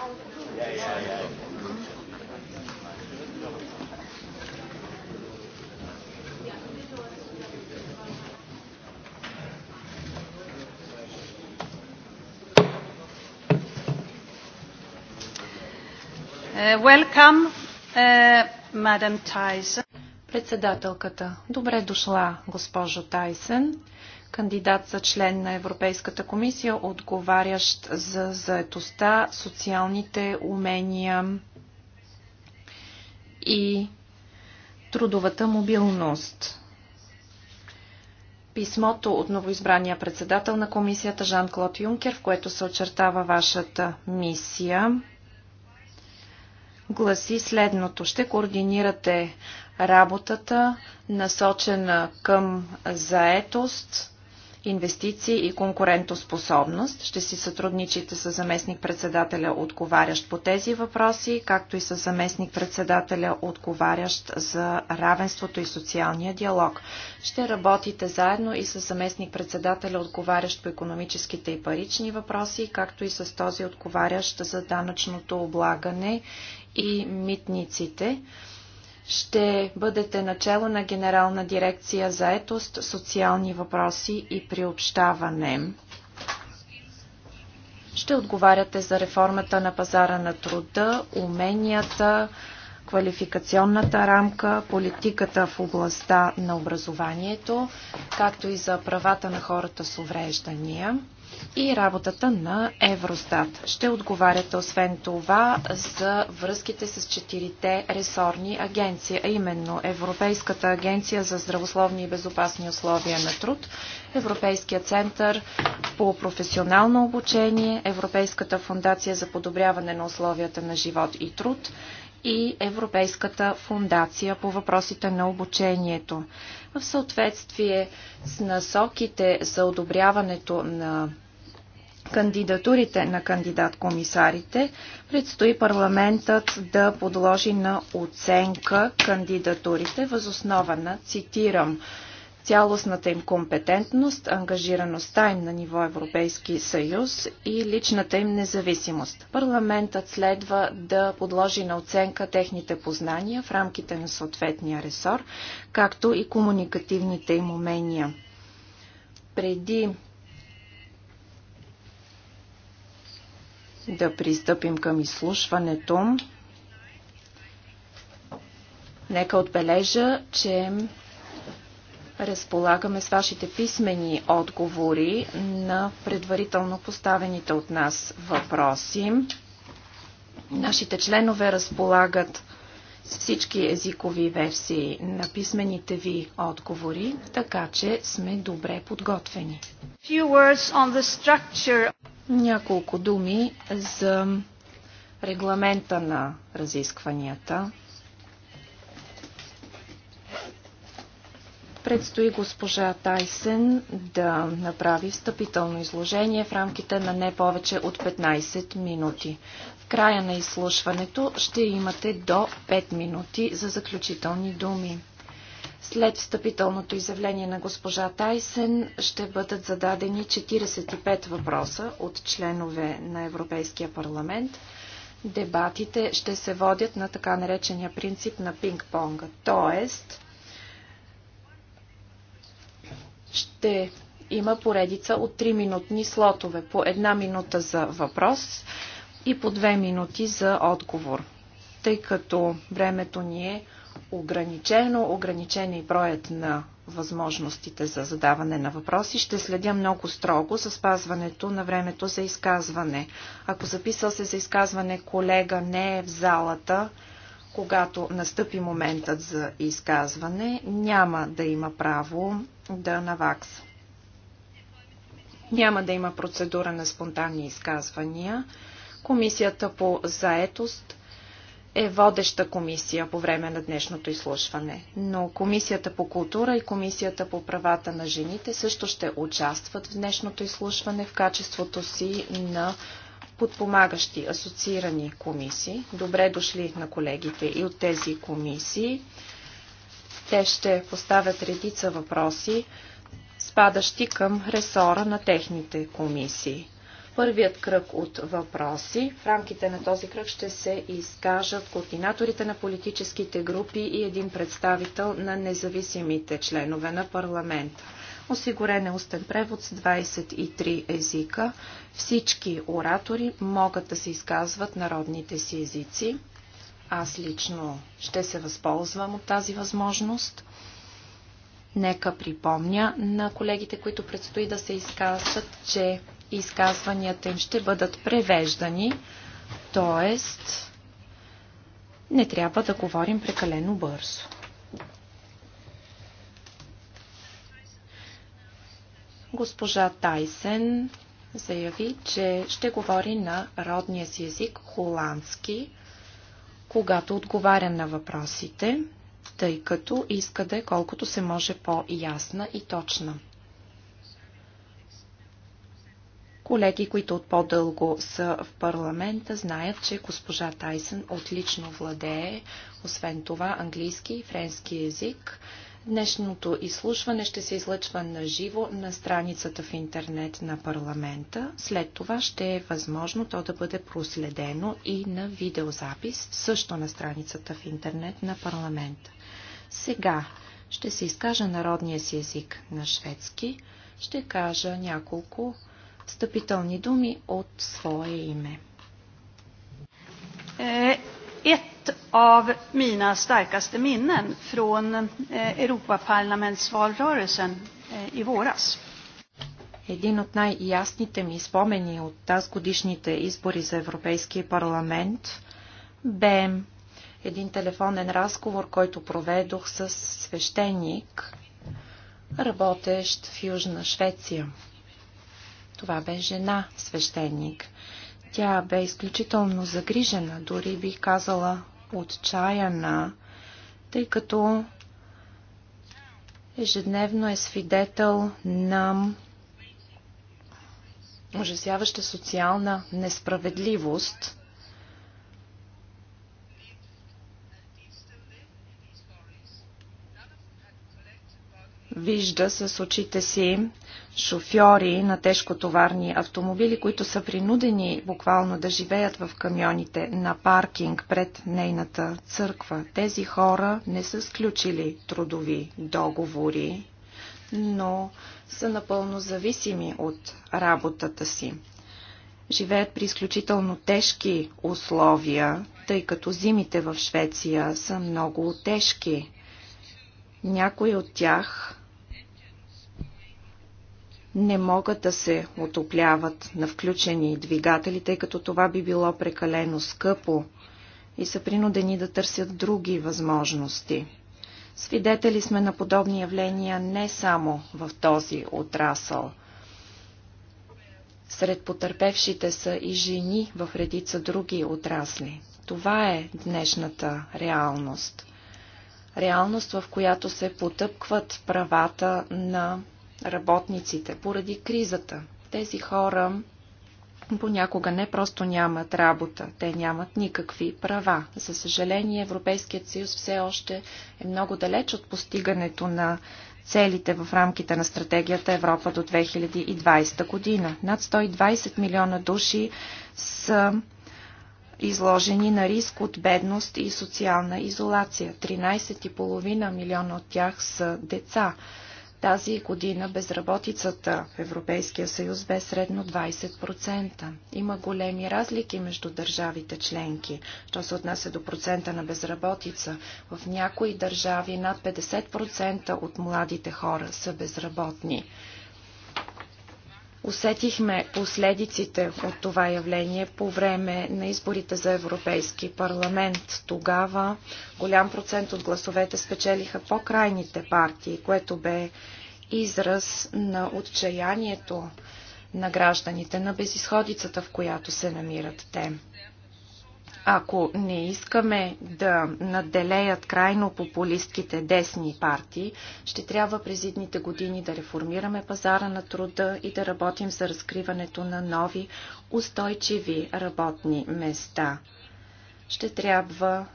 Uh, welcome, uh, Madam Председателката. Добре дошла, госпожо Тайсен кандидат за член на Европейската комисия, отговарящ за заетостта, социалните умения и трудовата мобилност. Писмото от новоизбрания председател на комисията Жан-Клод Юнкер, в което се очертава вашата мисия, гласи следното. Ще координирате работата, насочена към заетост, инвестиции и конкурентоспособност. Ще си сътрудничите с заместник-председателя, отговарящ по тези въпроси, както и с заместник-председателя, отговарящ за равенството и социалния диалог. Ще работите заедно и с заместник-председателя, отговарящ по економическите и парични въпроси, както и с този отговарящ за данъчното облагане и митниците ще бъдете начало на Генерална дирекция за етост, социални въпроси и приобщаване. Ще отговаряте за реформата на пазара на труда, уменията, квалификационната рамка, политиката в областта на образованието, както и за правата на хората с увреждания и работата на Евростат. Ще отговаряте освен това за връзките с четирите ресорни агенции, а именно Европейската агенция за здравословни и безопасни условия на труд, Европейския център по професионално обучение, Европейската фундация за подобряване на условията на живот и труд и Европейската фундация по въпросите на обучението. В съответствие с насоките за одобряването на кандидатурите на кандидат-комисарите, предстои парламентът да подложи на оценка кандидатурите възоснова на, цитирам, цялостната им компетентност, ангажираността им на ниво Европейски съюз и личната им независимост. Парламентът следва да подложи на оценка техните познания в рамките на съответния ресор, както и комуникативните им умения. Преди да пристъпим към изслушването, нека отбележа, че разполагаме с вашите писмени отговори на предварително поставените от нас въпроси. Нашите членове разполагат с всички езикови версии на писмените ви отговори, така че сме добре подготвени. Няколко думи за регламента на разискванията. Предстои госпожа Тайсен да направи встъпително изложение в рамките на не повече от 15 минути. В края на изслушването ще имате до 5 минути за заключителни думи. След встъпителното изявление на госпожа Тайсен ще бъдат зададени 45 въпроса от членове на Европейския парламент. Дебатите ще се водят на така наречения принцип на пинг-понга, т.е. ще има поредица от 3-минутни слотове. По една минута за въпрос и по две минути за отговор. Тъй като времето ни е ограничено, ограничен е и броят на възможностите за задаване на въпроси, ще следя много строго за спазването на времето за изказване. Ако записал се за изказване колега не е в залата, когато настъпи моментът за изказване, няма да има право да навакса. Няма да има процедура на спонтанни изказвания. Комисията по заетост е водеща комисия по време на днешното изслушване, но Комисията по култура и Комисията по правата на жените също ще участват в днешното изслушване в качеството си на подпомагащи асоциирани комисии. Добре дошли на колегите и от тези комисии. Те ще поставят редица въпроси, спадащи към ресора на техните комисии. Първият кръг от въпроси. В рамките на този кръг ще се изкажат координаторите на политическите групи и един представител на независимите членове на парламента. Осигурен е устен превод с 23 езика. Всички оратори могат да се изказват народните си езици. Аз лично ще се възползвам от тази възможност. Нека припомня на колегите, които предстои да се изказват, че изказванията им ще бъдат превеждани, т.е. не трябва да говорим прекалено бързо. Госпожа Тайсен заяви, че ще говори на родния си език холандски когато отговаря на въпросите, тъй като иска да е колкото се може по-ясна и точна. Колеги, които от по-дълго са в парламента, знаят, че госпожа Тайсън отлично владее, освен това, английски и френски език. Днешното изслушване ще се излъчва на живо на страницата в интернет на парламента. След това ще е възможно то да бъде проследено и на видеозапис, също на страницата в интернет на парламента. Сега ще се изкажа народния си език на шведски. Ще кажа няколко стъпителни думи от свое име. Е, е av mina starkaste minnen från eh, Europaparlamentsvalrörelsen eh, i våras. Един от най-ясните ми спомени от тази годишните избори за Европейския парламент бе един телефонен разговор, който проведох с свещеник, работещ в Южна Швеция. Това бе жена свещеник. Тя бе изключително загрижена, дори бих казала отчаяна, тъй като ежедневно е свидетел на ужасяваща социална несправедливост, вижда с очите си шофьори на тежкотоварни автомобили, които са принудени буквално да живеят в камионите на паркинг пред нейната църква. Тези хора не са сключили трудови договори, но са напълно зависими от работата си. Живеят при изключително тежки условия, тъй като зимите в Швеция са много тежки. Някои от тях не могат да се отопляват на включени двигатели, тъй като това би било прекалено скъпо и са принудени да търсят други възможности. Свидетели сме на подобни явления не само в този отрасъл. Сред потърпевшите са и жени в редица други отрасли. Това е днешната реалност. Реалност, в която се потъпкват правата на работниците поради кризата. Тези хора понякога не просто нямат работа, те нямат никакви права. За съжаление, Европейският съюз все още е много далеч от постигането на целите в рамките на стратегията Европа до 2020 година. Над 120 милиона души са изложени на риск от бедност и социална изолация. 13,5 милиона от тях са деца. Тази година безработицата в Европейския съюз бе средно 20%. Има големи разлики между държавите членки, що се отнася до процента на безработица. В някои държави над 50% от младите хора са безработни. Усетихме последиците от това явление по време на изборите за Европейски парламент. Тогава голям процент от гласовете спечелиха по-крайните партии, което бе израз на отчаянието на гражданите, на безисходицата, в която се намират те. Ако не искаме да надделеят крайно популистките десни партии, ще трябва през идните години да реформираме пазара на труда и да работим за разкриването на нови, устойчиви работни места. Ще трябва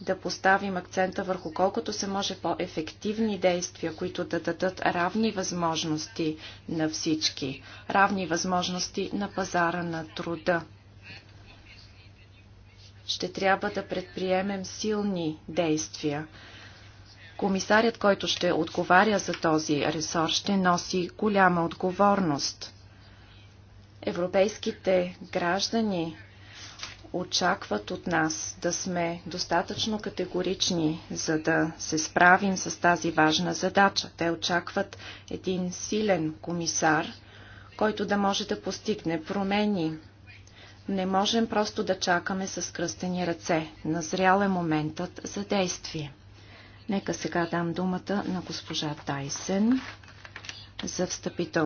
да поставим акцента върху колкото се може по-ефективни действия, които да дадат равни възможности на всички, равни възможности на пазара на труда ще трябва да предприемем силни действия. Комисарят, който ще отговаря за този ресор, ще носи голяма отговорност. Европейските граждани очакват от нас да сме достатъчно категорични, за да се справим с тази важна задача. Те очакват един силен комисар, който да може да постигне промени не можем просто да чакаме с кръстени ръце. Назрял е моментът за действие. Нека сега дам думата на госпожа Тайсен за встъпител.